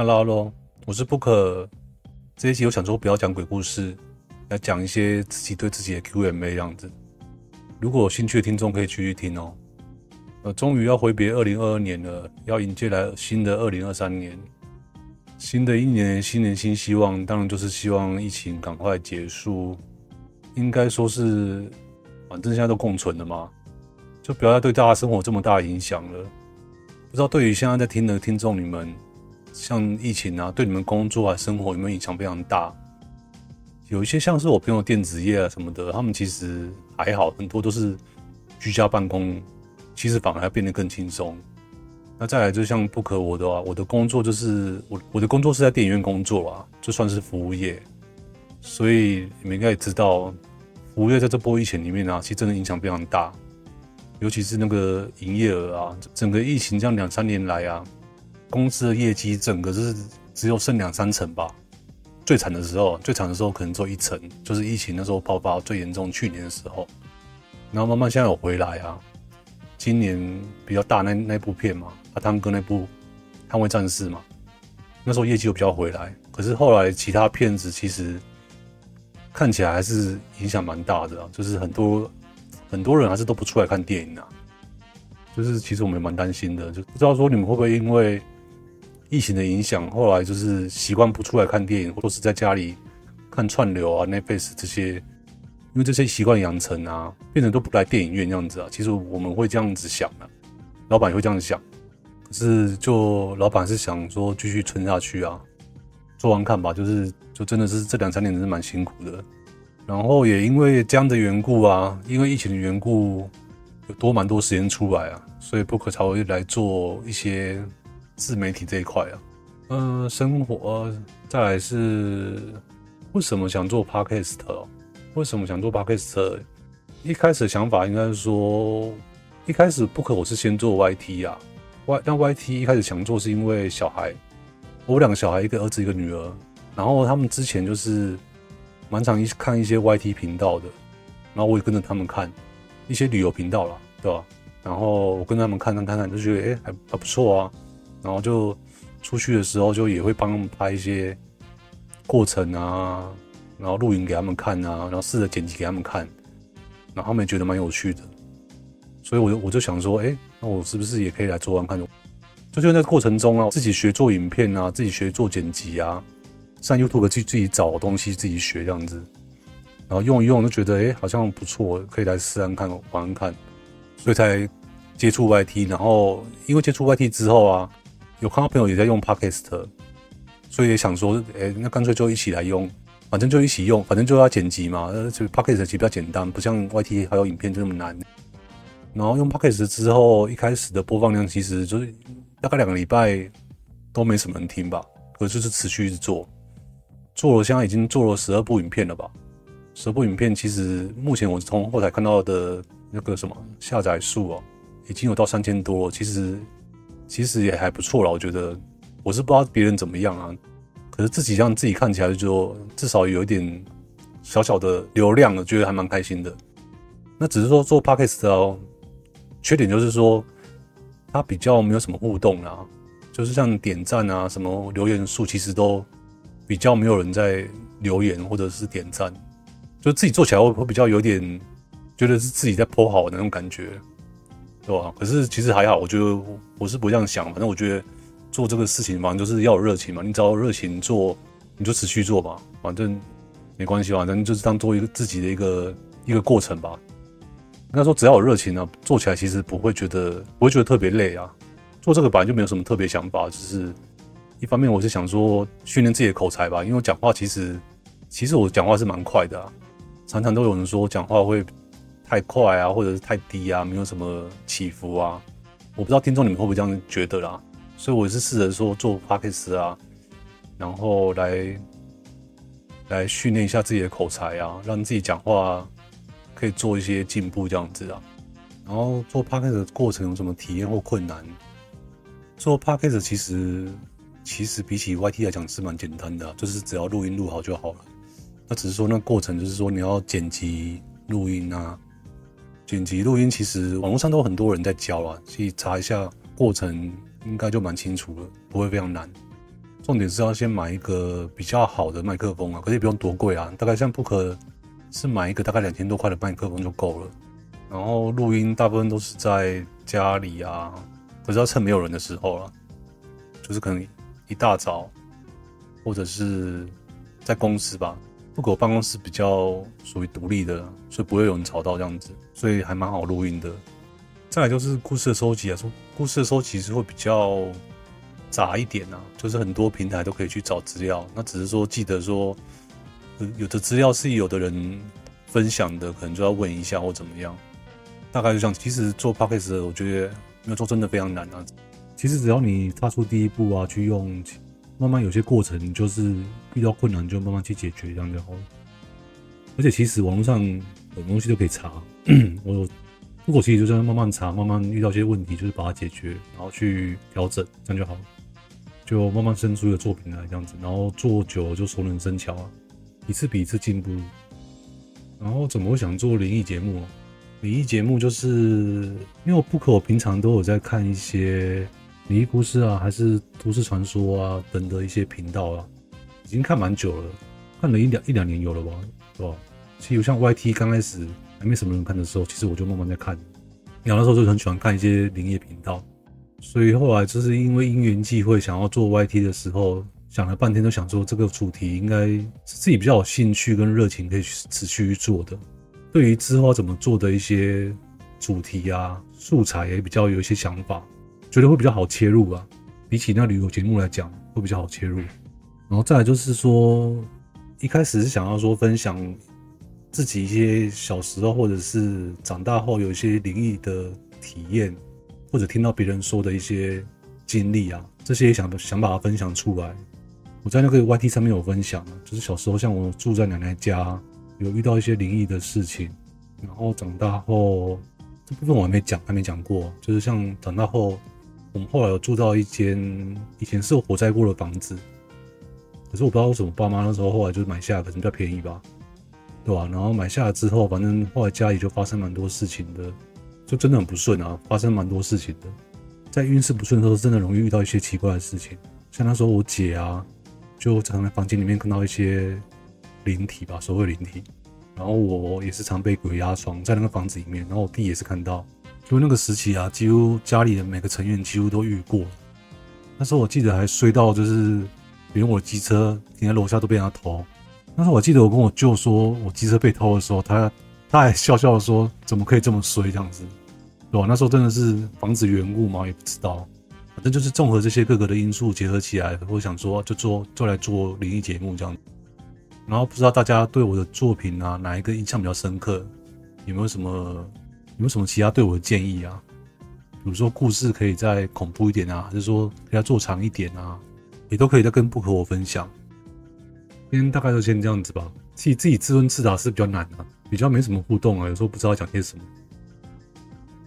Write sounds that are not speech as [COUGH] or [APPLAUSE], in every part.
哈拉嘍！我是 Book，這一集我想說不要講鬼故事，來講一些自己對自己的 Q&A 這樣子。如果有興趣的聽眾可以繼續聽哦。呃，終於要揮別二零二二年了，要迎接來新的二零二三年。新的一年，新年新希望，當然就是希望疫情趕快結束。應該說是，反正現在都共存了嘛，就不要再對大家生活這麼大的影響了。不知道對於現在在聽的聽眾你們。像疫情啊，對你們工作啊、生活有沒有影響非常大？有一些像是我朋友電子業啊什麼的，他們其實還好，很多都是居家辦公，其實反而還變得更輕鬆。那再來就像不可我的話，我的工作就是我，我的工作是在電影院工作啊，就算是服務業，所以你們應該也知道，服務業在這波疫情裡面啊，其實真的影響非常大，尤其是那個營業額啊，整個疫情這樣兩三年來啊。公司的業績整個是只有剩兩三成吧，最慘的時候，最慘的時候可能做一成，就是疫情那時候爆發最嚴重，去年的時候，然後慢慢現在有回來啊。今年比較大那那部片嘛，阿、啊、湯哥那部《捍衛戰士》嘛，那時候業績又比較回來，可是後來其他片子其實看起來還是影響蠻大的，啊，就是很多很多人還是都不出來看電影啊，就是其實我們也蠻擔心的，就不知道說你們會不會因為。疫情的影響，後來就是習慣不出來看電影，或者是在家裡看串流啊、Netflix 這些，因為這些習慣養成啊，變成都不來電影院這樣子啊。其實我們會這樣子想的啊，老闆也會這樣想，可是就老闆是想說繼續存下去啊，做完看吧。就是就真的是這兩三年真是蠻辛苦的，然後也因為這樣的緣故啊，因為疫情的緣故，有多蠻多時間出來啊，所以不可朝又來做一些。自媒體這一塊啊，嗯、呃，生活、呃、再來是為什麼想做 podcast？為什麼想做 podcast？一開始的想法應該是說，一開始不可我是先做 YT 呀，Y、啊、但 YT 一開始想做是因為小孩，我兩個小孩，一個兒子一個女兒，然後他們之前就是蠻常一看一些 YT 頻道的，然後我也跟着他們看一些旅遊頻道了，對吧？然後我跟他們看看看看，就覺得哎還、欸、還不錯啊。然後就出去的時候，就也會幫他們拍一些過程啊，然後錄影給他們看啊，然後試着剪輯給他們看，然後他們也覺得蠻有趣的。所以我就我就想說，哎，那我是不是也可以來做玩看？就就在過程中啊，自己學做影片啊，自己學做剪輯啊，上 YouTube 去自己找東西自己學這樣子，然後用一用就覺得，哎，好像不錯，可以來試試看玩玩看，所以才接觸 YT。然後因為接觸 YT 之後啊。有看到朋友也在用 Podcast 所以也想說，哎、欸，那乾脆就一起來用，反正就一起用，反正就要剪輯嘛，而、呃、且 Podcast 其實比較簡單，不像 YT 還有影片就那麼難。然後用 Podcast 之後，一開始的播放量其實就是大概兩個禮拜都沒什麼人聽吧，可是就是持續一直做，做了現在已經做了十二部影片了吧。十二部影片其實目前我從後台看到的那個什麼下載數啊，已經有到三千多了，其實。其實也還不錯了，我覺得我是不知道別人怎麼樣啊，可是自己讓自己看起來就至少有一點小小的流量了，覺得還蠻開心的。那只是說做 podcast 哦、啊，缺點就是說它比較沒有什麼互動啦、啊，就是像點讚啊、什麼留言數，其實都比較沒有人在留言或者是點讚，就自己做起來會比較有點覺得是自己在鋪好的那種感覺。啊，可是其實還好，我覺得我是不這樣想。反正我覺得做這個事情，反正就是要有熱情嘛。你只要有熱情做，你就持續做吧，反正沒關係吧，反正就是當做一個自己的一個一個過程吧。那該說只要有熱情呢、啊，做起來其實不會覺得不會覺得特別累啊。做這個本來就沒有什麼特別想法，只是一方面我是想說訓練自己的口才吧，因為我講話其實其實我講話是蠻快的啊，常常都有人說我講話會。太快啊，或者是太低啊，沒有什麼起伏啊，我不知道聽眾你們會不會這樣覺得啦。所以我也是試着說做 Podcast 啊，然後來來訓練一下自己的口才啊，讓自己講話可以做一些進步這樣子啊。然後做 Podcast 的過程有什麼體驗或困難？做 Podcast 其實其實比起 YT 來講是蠻簡單的啊，就是只要錄音錄好就好了。那只是說那過程就是說你要剪輯錄音啊。剪輯錄音其實網絡上都有很多人在教啊，所以查一下過程應該就蠻清楚了，不會非常難。重點是要先買一個比較好的麥克風啊，可是也不用多貴啊，大概像 Book 是買一個大概兩千多塊的麥克風就夠了。然後錄音大部分都是在家裡啊，可是要趁沒有人的時候啊，就是可能一大早，或者是在公司吧。如果辦公室比較屬於獨立的，所以不會有人吵到這樣子，所以還蠻好錄音的。再來就是故事的收集啊，說故事的收集是會比較雜一點啊，就是很多平台都可以去找資料，那只是說記得說，有的資料是有的人分享的，可能就要問一下或怎麼樣。大概就這樣。其實做 podcast 我覺得要做真的非常難啊。其實只要你踏出第一步啊，去用。慢慢有些過程，就是遇到困難就慢慢去解決這樣就好了。而且其實網絡上很多東西都可以查。 [COUGHS] 我布克其實就這樣慢慢查，慢慢遇到一些問題就是把它解決，然後去調整這樣就好了，就慢慢生出一個作品來這樣子，然後做久了就熟能生巧啊，一次比一次進步。然後怎麼會想做靈異節目？靈異節目就是因為我 Book，我平常都有在看一些。靈異故事啊，還是都市傳說啊等的一些頻道啊，已經看蠻久了，看了一兩一兩年有了吧，是吧？其實像 YT 剛開始還沒什麼人看的時候，其實我就慢慢在看。小的時候就很喜歡看一些靈異頻道，所以後來就是因為因緣際會想要做 YT 的時候，想了半天都想說這個主題應該是自己比較有興趣跟熱情可以持續去做的。對於之後要怎麼做的一些主題啊、素材也比較有一些想法。覺得會比較好切入吧，啊，比起那旅遊節目來講，會比較好切入。然後再來就是說，一開始是想要說分享自己一些小時候或者是長大後有一些靈異的體驗，或者聽到別人說的一些經歷啊，這些也想想把它分享出來。我在那個 YT 上面有分享，就是小時候像我住在奶奶家，有遇到一些靈異的事情。然後長大後這部分我還沒講，還沒講過，就是像長大後。我們後來有住到一間以前是有火災過的房子，可是我不知道為什麼爸媽那時候後來就是買下來，可能比較便宜吧，對吧，啊？然後買下來之後，反正後來家裡就發生蠻多事情的，就真的很不順啊，發生蠻多事情的。在運勢不順的時候，真的容易遇到一些奇怪的事情，像那時候我姐啊，就常在房間裡面看到一些靈體吧，所謂的靈體。然後我也是常被鬼壓床，在那個房子裡面。然後我弟也是看到。就那個時期啊，幾乎家裡的每個成員幾乎都遇過了。那時候我記得還衰到，就是連我機車停在樓下都被人家偷。那時候我記得我跟我舅說我機車被偷的時候，他他還笑笑地說：“怎麼可以這麼衰這樣子？”對吧？那時候真的是房子緣故嘛，也不知道。反正就是綜合這些各個的因素結合起來，我想說就做就來做靈異節目這樣子。然後不知道大家對我的作品啊哪一個印象比較深刻，有沒有什麼？有沒有什麼其他對我的建議啊？比如說故事可以再恐怖一點啊，還是說可以做長一點啊？也都可以再跟 Book 我分享。今天大概就先這樣子吧。自己自己自問自答是比較難的啊，比較沒什麼互動啊，有時候不知道要講些什麼。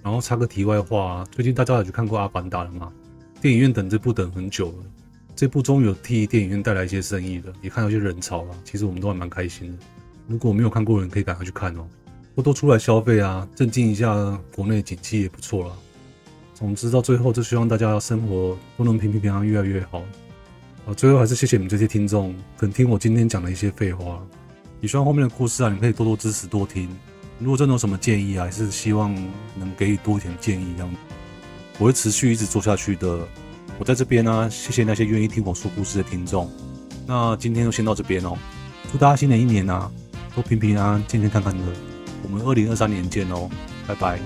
然後插個題外話啊，最近大家有去看過《阿凡達》了嗎？電影院等這部等很久了，這部終於有替電影院帶來一些生意了，也看到一些人潮了。其實我們都還蠻開心的。如果沒有看過的人，可以趕快去看哦。都多多出來消費啊，振興一下國內景氣也不錯啦。總之到最後，就希望大家要生活都能平平安安，越來越好啊！最後還是謝謝你們這些聽眾肯聽我今天講的一些廢話。也希望後面的故事啊，你可以多多支持，多聽。如果真的有什麼建議啊，還是希望能給予多一點建議，這樣我會持續一直做下去的。我在這邊呢、啊，謝謝那些願意聽我說故事的聽眾。那今天就先到這邊哦，祝大家新的一年啊，都平平安、啊、安，健健康康的。我們二零二三年見哦，拜拜。